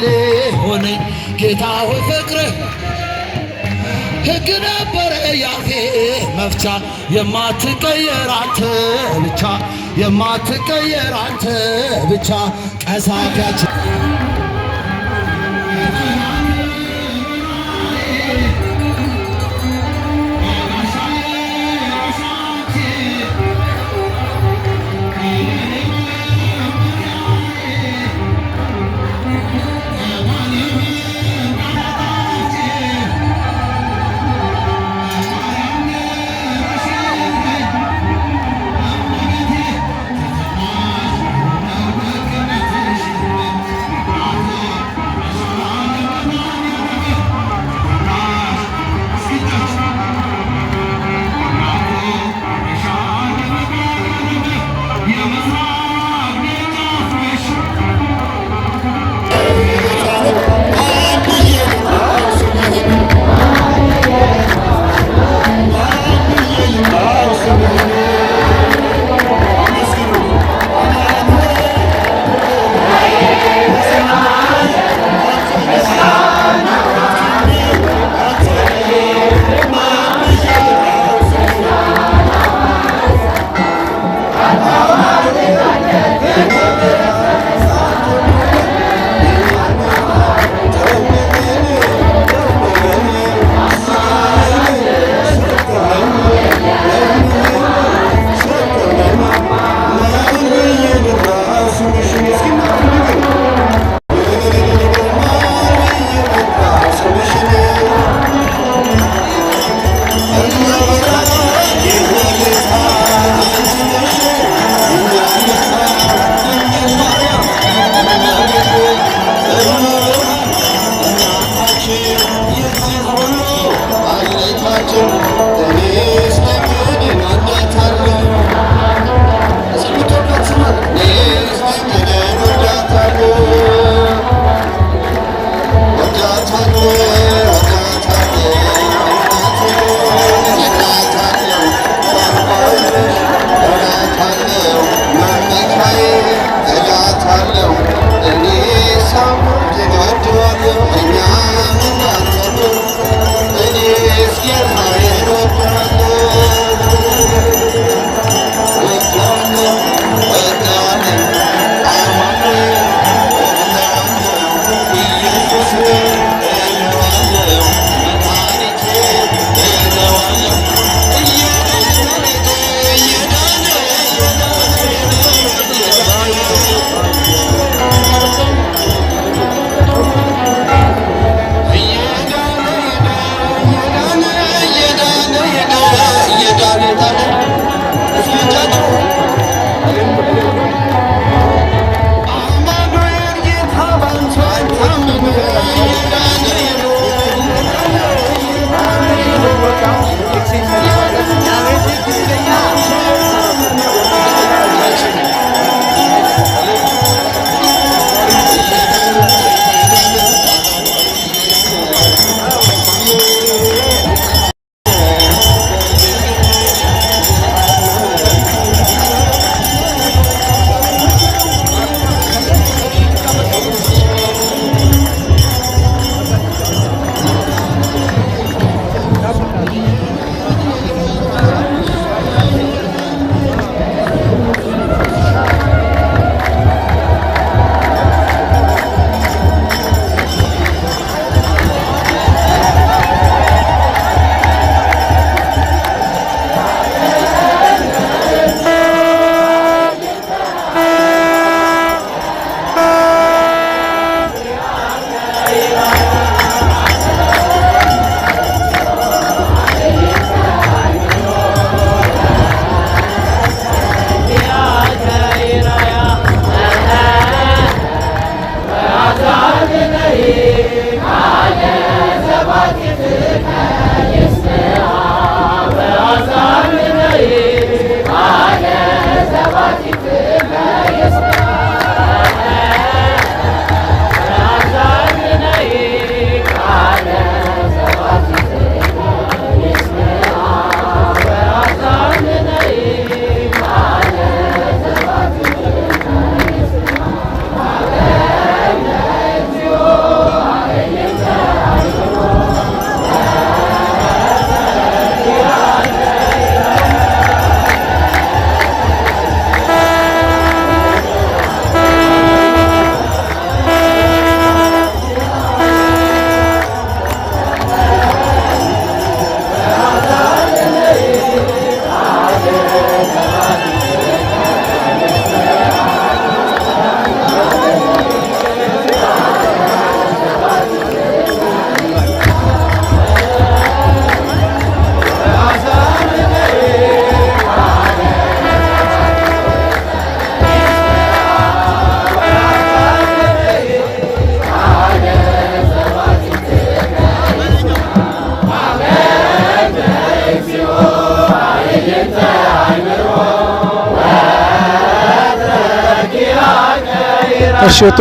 ባል ሆነኝ ጌታ ሆይ ፍቅርህ ሕግ ነበር እያፌ መፍቻ የማትቀየር አንተ ብቻ የማትቀየር አንተ ብቻ ቀሳፊያችን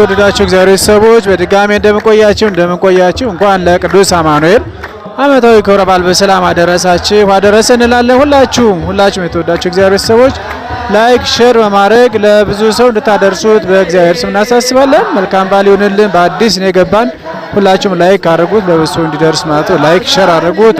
የተወደዳችሁ እግዚአብሔር ሰዎች በድጋሜ እንደምንቆያችሁ እንደምንቆያችሁ እንኳን ለቅዱስ አማኑኤል ዓመታዊ ክብረ በዓል በሰላም አደረሳችሁ አደረሰ እንላለን። ሁላችሁም ሁላችሁም የተወዳችሁ እግዚአብሔር ሰዎች ላይክ፣ ሼር በማድረግ ለብዙ ሰው እንድታደርሱት በእግዚአብሔር ስም እናሳስባለን። መልካም በዓል ይሁንልን። በአዲስ ነው የገባን። ሁላችሁም ላይክ አድርጉት፣ ለብዙ ሰው እንዲደርስ ማለት ነው። ላይክ ሼር አድርጉት።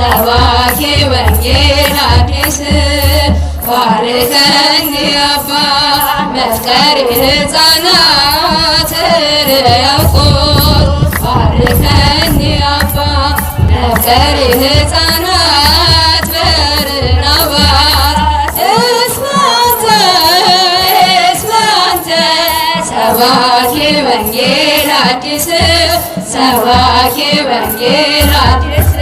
ሰባኬ ወንጌል አዲስ ባርከኝ አባ መፍቀሪ ሕፃናት ርያቆስ ባርከኝ አባ መፍቀሪ ሕፃናት በርናባስ እስማንተ እስማንተ ሰባኬ ወንጌል አዲስ ሰባኬ ወንጌል አዲስ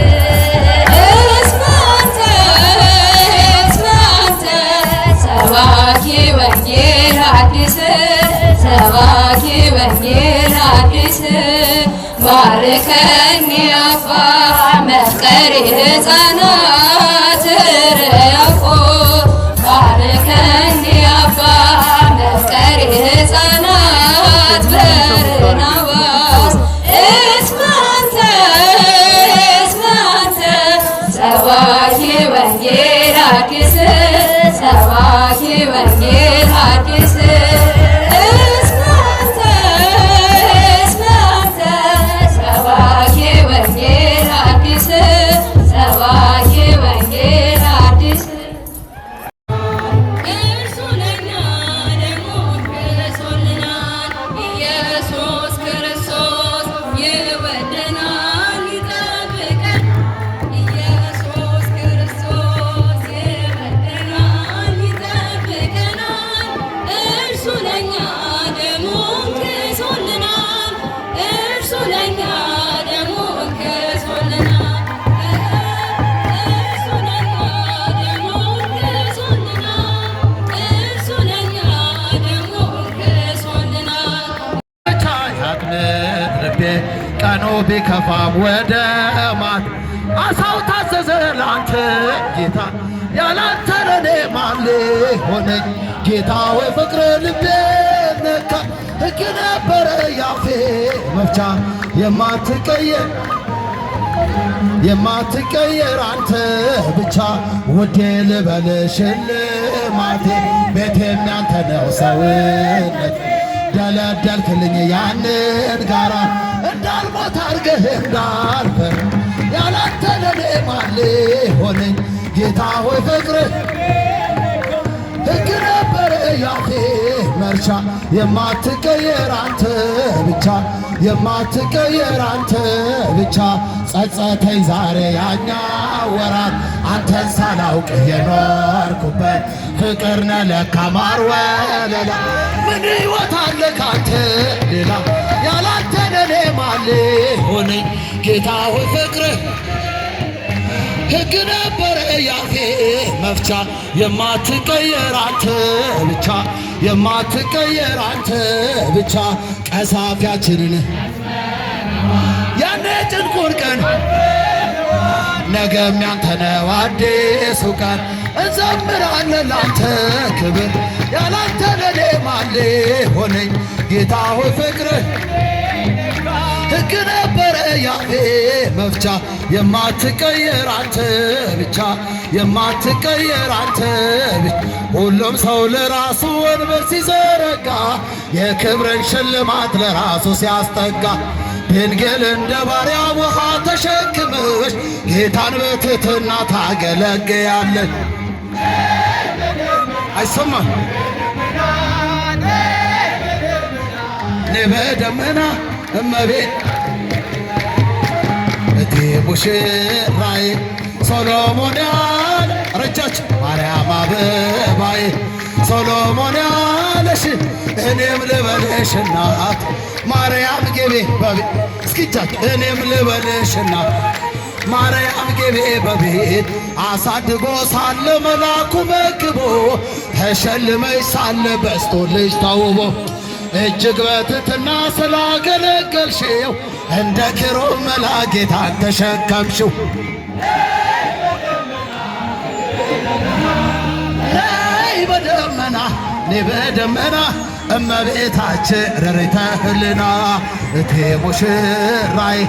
ሰባኪ ወንጌል አዲስ ባርከን ያፋ መፍቀሪ ህፃናት ረያቆ ባርከን መፍቀሪ ህፃናት በርናባስ እስማንተ እስማንተ ሰባኪ ወንጌል አዲስ ሰባኪ ወንጌል አዲስ ቀኑ ቢከፋም ወደ ማት አሳው ታዘዘ ላንተ ጌታ ያላንተ ለኔ ማን ሊሆነኝ ጌታ ወይ ፍቅር ልቤ ነካ ሕግ ነበረ ያፌ መፍቻ የማትቀየር የማትቀየር አንተ ብቻ ውዴ ልበል ሽልማቴ ቤቴ ያንተ ነው ሰውነት ደለደልክልኝ ያንን ጋራ እንዳልሞት አርገህ እንዳልፈር ያላንተ ለኔ ማን ሊሆነኝ ጌታ ሆይ ፍቅርህ ሕግ ነበረ ያፌ መርቻ የማትቀየር አንተ ብቻ የማትቀየር አንተ ብቻ ጸጸተኝ ዛሬ ያኛ ወራት ሳላውቅ የኖርኩበት ፍቅር ነህ ለካ ማር ወለላ ምን ሕይወት አለ ካንተ ሌላ ያላንተ ለኔ ማን ሊሆን ጌታ ሆይ ፍቅርህ ሕግ ነበረ ያፌ መፍቻ የማትቀየር አንተ ብቻ የማትቀየር አንተ ብቻ ቀሳፊያችንን ያኔ ጭንቁን ቀን ነገም ያንተ ነው አዲሱ ቀን እንዘምራለን ላንተ ክብር ያላንተ ለኔ ማሌ ሆነኝ ጌታ ሆይ ፍቅርህ ሕግ ነበረ ያፌ መፍቻ የማትቀየር አንተ ብቻ የማትቀየር አንተ ብቻ ሁሉም ሰው ለራሱ ወንበር ሲዘረጋ የክብረን ሽልማት ለራሱ ሲያስጠጋ ድንግል እንደ ባሪያ ውሃ ተሸክመሽ ጌታን በትትና ታገለግያለሽ። አይሰማም እኔ በደመና እመቤት እቲ ሙሽራዬ ሶሎሞን ያለ ረጃች ማርያም አበባዬ ሶሎሞን ልበለሽ እኔም ልበለሽ እናት ማርያም ጌቤ እስኪቻት እኔም ልበለሽ እናት ማርያም ጌቤ በቤት አሳድጎ ሳለ መላኩ መግቦ ተሸልመች ሳለ በስቶልሽ ታውቦ እጅግ በትትና ስላገለገልሽው እንደ ክሮ መላ ጌታን ተሸከምሽው ኒብዕ ደመና እመቤታችን ረሪተ እቴ ሙሽራይ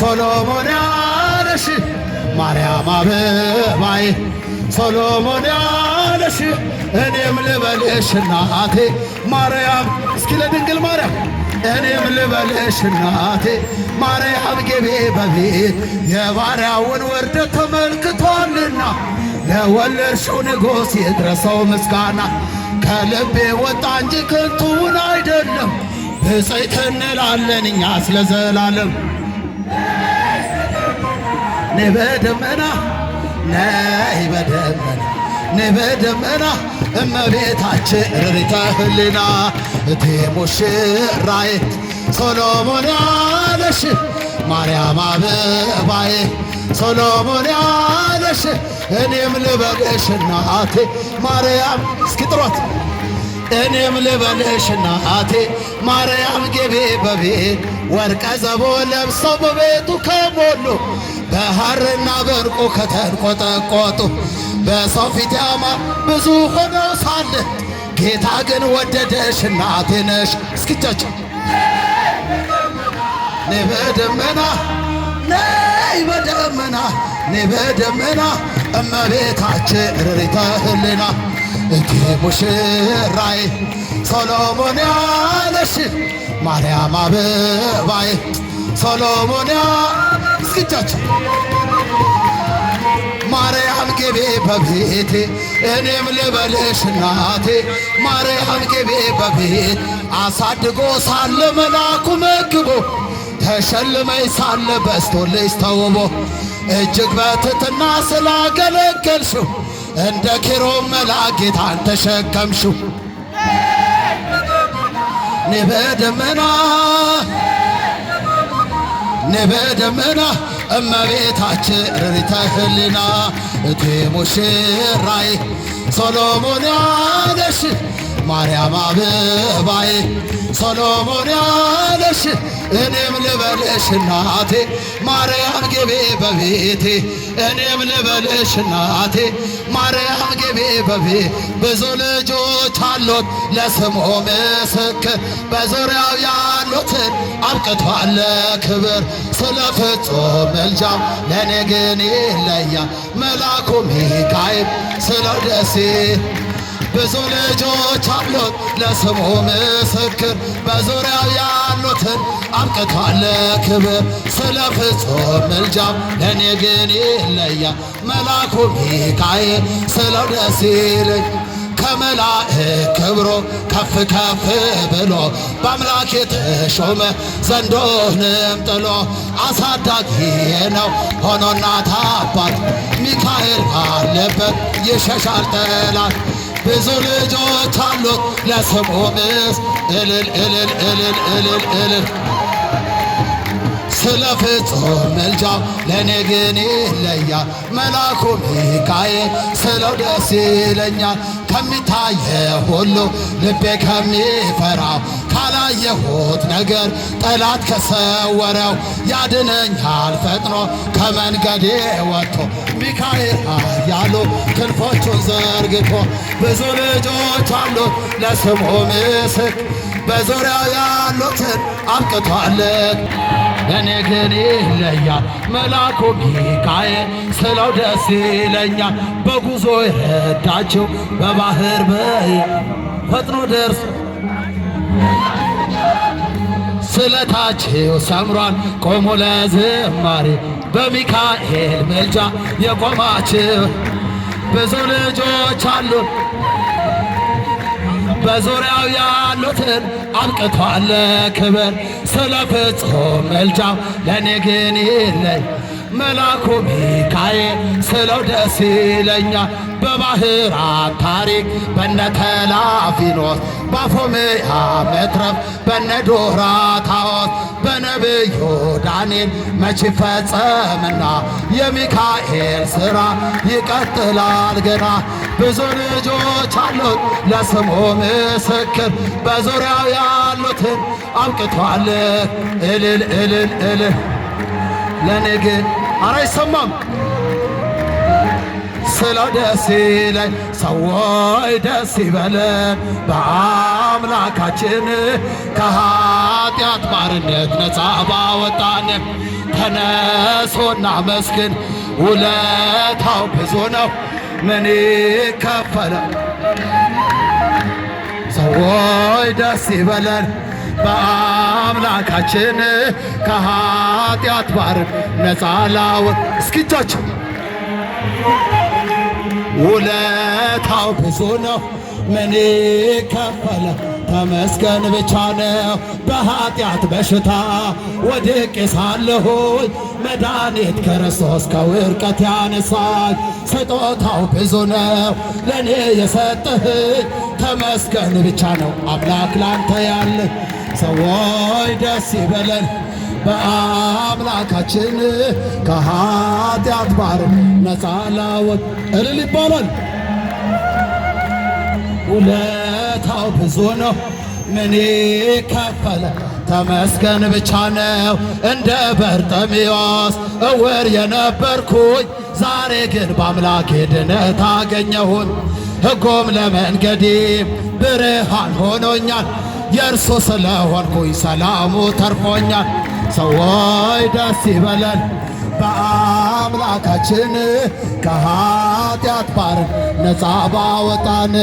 ሶሎሞን ያለሽ ማርያም አበባይ ሶሎሞን ያለሽ እኔም ልበልሽ እናቴ ማርያም እስኪ ለድንግል ማርያም እኔም ልበልሽ እናቴ ማርያም ግቤ በቤት የባሪያውን ውርደት ተመልክቷልና ለወለድሽው ንጉሥ የድረሰው ምስጋና ከልቤ ወጣ እንጂ ከንቱን አይደለም። ብፅዕት እንላለን እኛ ስለ ዘላለም ነይ በደመና ነይ በደመና ነይ በደመና እመቤታችን ህልና እቲ ሙሽራዬ ሶሎሞን ያለሽ ማርያም አበባዬ ሶሎሞን ልበቅሽ እኔም ልበቅሽ እናቴ ማርያም እስኪጥሯት እኔም ልበልሽ እናቴ ማርያም ግቢ በቤት ወርቀ ዘቦ ለብሰው በቤቱ ከሞሉ በሐርና በዕንቁ ከተንቆጠቆጡ በሰው ፊት ያማ ብዙ ሆነው ሳለ ጌታ ግን ወደደሽ እናቴ ነሽ እስኪቻቸው ነይ በደመና ነይ በደመና በደመና እመቤታችን ረሪተ ህሊና እቴ ሙሽራይ ሶሎሞን ያለሽ ማርያም አበባይ ሶሎሞን እስኪቻችሁ ማርያም ግቤ በቤቴ እኔም ልበልሽ እናቴ ማርያም ግቤ በቤት አሳድጎ ሳለ መላኩ መግቦ ተሸልመኝ ሳለ በስቶልሽ ተውቦ እጅግ በትትና ስላገለገልሹ እንደ ኪሮ መላ ጌታን ተሸከምሽው ንበደመና ንበደመና እመቤታችን ርሪተ ህሊና እቴ ሙሽራይ ሶሎሞን ያለሽ ማርያም አበባይ ሶሎሞን ያለሽ እኔም ልበልሽ እናቴ ማርያም ግቤ በቤቴ እኔም ልበልሽ እናቴ ማርያም ግቤ በቤ ብዙ ልጆች አሉት ለስሙ ምስክር በዙሪያው ያሉትን አብቅቷለ ክብር ስለ ፍጹም ምልጃው ለእኔ ግን ይለያ መላኩ ሚካኤል ስለ ደሴ ብዙ ልጆች አሉት ለስሙ ምስክር በዙሪያው ያሉትን አብቅቷለ ክብር ስለ ፍጹም ምልጃም ለእኔ ግን ይለያል መልአኩ ሚካኤል ስለው ደስ ይለኝ ከመላእክ ክብሮ ከፍ ከፍ ብሎ በአምላክ የተሾመ ዘንዶንም ጥሎ አሳዳጊዬ ነው ሆኖ እናት አባት ሚካኤል አለበት ይሸሻል ጠላት ብዙ ልጆች አሉት ለስሙ ምስ እልል እልል እልል እልል እልል ስለ ፍጹም ምልጃው ለእኔ ግን ይለያል መልአኩ ሚካኤል ስለው ደስ ይለኛል ከሚታየ ሁሉ ልቤ ከሚፈራው ካላየሁት ነገር ጠላት ከሰወረው ያድነኛል ፈጥኖ ከመንገዴ ወጥቶ ሚካኤል ያሉ ክንፎቹን ዘርግቶ ብዙ ልጆች አሉ ለስሙ ምስክ በዙሪያው ያሉትን አብቅቷል። እኔ ግን ይለያል መልአኩ ሚካኤል ስለው ደስ ይለኛል። በጉዞ የረዳቸው በባህር በይ ፈጥኖ ደርሶ ስለታቸው ሰምሯል ቆሞ ለዝማሬ በሚካኤል መልጃ የቆማችው ብዙ ልጆች አሉ። በዙሪያው ያሉትን አብቅቷል ክብር ስለ ፍጹም መልጃው ለእኔ ግን ይለይ መልአኩ ሚካኤል ስለው ደስ ይለኛ በባህራት ታሪክ በነተላፊኖስ ባፎምያ መትረፍ በነዶራ ታወት በነብዩ ዳንኤል መች ፈጸምና የሚካኤል ሥራ ይቀጥላል ገና ብዙ ልጆች አሉት ለስሙ ምስክር በዙሪያው ያሉትን አብቅቷል እልል እልል እልል ለኔ ግን አረ አይሰማም ስለው ደስ ይለኝ ሰዎች ደስ ይበለን በአምላካችን ከኃጢአት ባርነት ነፃ ባወጣን። ተነሶና መስግን ውለታው ብዙ ነው ምን ይከፈላል? ሰዎች ደስ ይበለን በአምላካችን ከኃጢአት ባር ነፃ ላወ እስኪቻቸው ውለታው ብዙ ነው፣ ምን ከፈለ? ተመስገን ብቻ ነው። በኃጢአት በሽታ ወድቄ ሳለሁኝ መድኃኒት ክርስቶስ ከውድቀት ያነሳኝ። ስጦታው ብዙ ነው ለእኔ የሰጠህኝ፣ ተመስገን ብቻ ነው አምላክ ላንተ ያለ ሰዎች ደስ ይበለን በአምላካችን ከኃጢአት ባር ነፃ ላወጥ እልል ይባላል። ውለታው ብዙ ነው፣ ምን ከፈለ? ተመስገን ብቻ ነው። እንደ በርጤሜዎስ እውር የነበርኩኝ ዛሬ ግን በአምላኬ ድነት አገኘሁን። ሕጎም ለመንገዴ ብርሃን ሆኖኛል። የእርሱ ስለሆንኩኝ ሰላሙ ተርፎኛል። ሰዎች ደስ ይበለን በአምላካችን ከኃጢአት ባርን ነፃ ባወጣን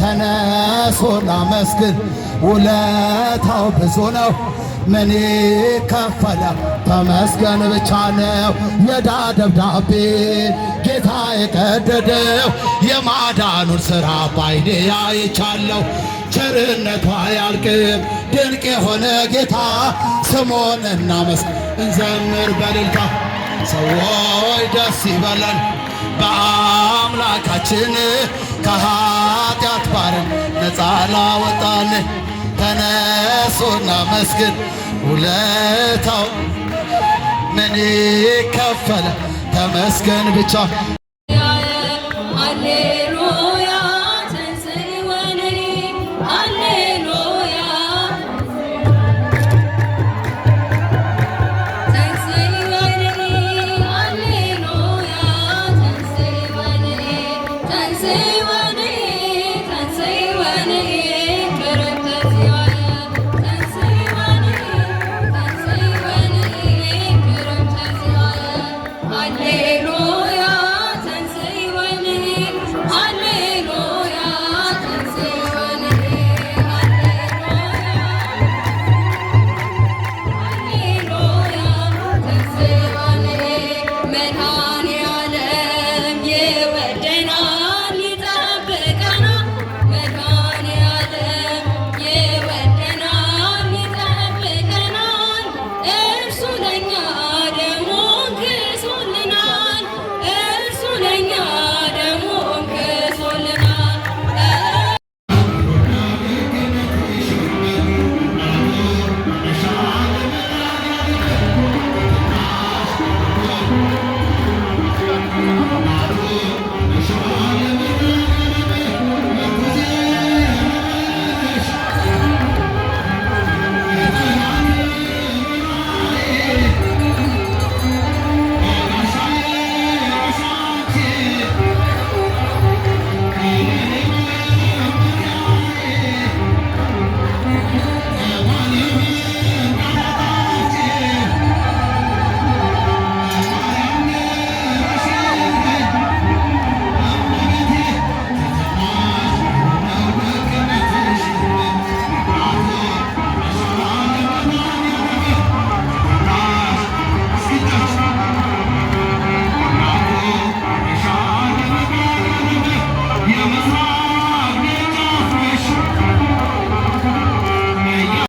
ተነሶ ላመስግን ውለታው ብዙ ነው። ምን ከፈለ? ተመስገን ብቻ ነው የዳ ደብዳቤ ጌታ የቀደደው የማዳኑን ሥራ ባይኔ አይቻለሁ። ቸርነቷ አያልቅም ድንቅ የሆነ ጌታ ስሙን እናመስ እንዘምር በልልታ ሰዎች ደስ ይበለን በአምላካችን ከኃጢአት ባርን ነፃ ላወጣን ተነሱና መስግን ውለታው ምን ይከፈለ ተመስገን ብቻ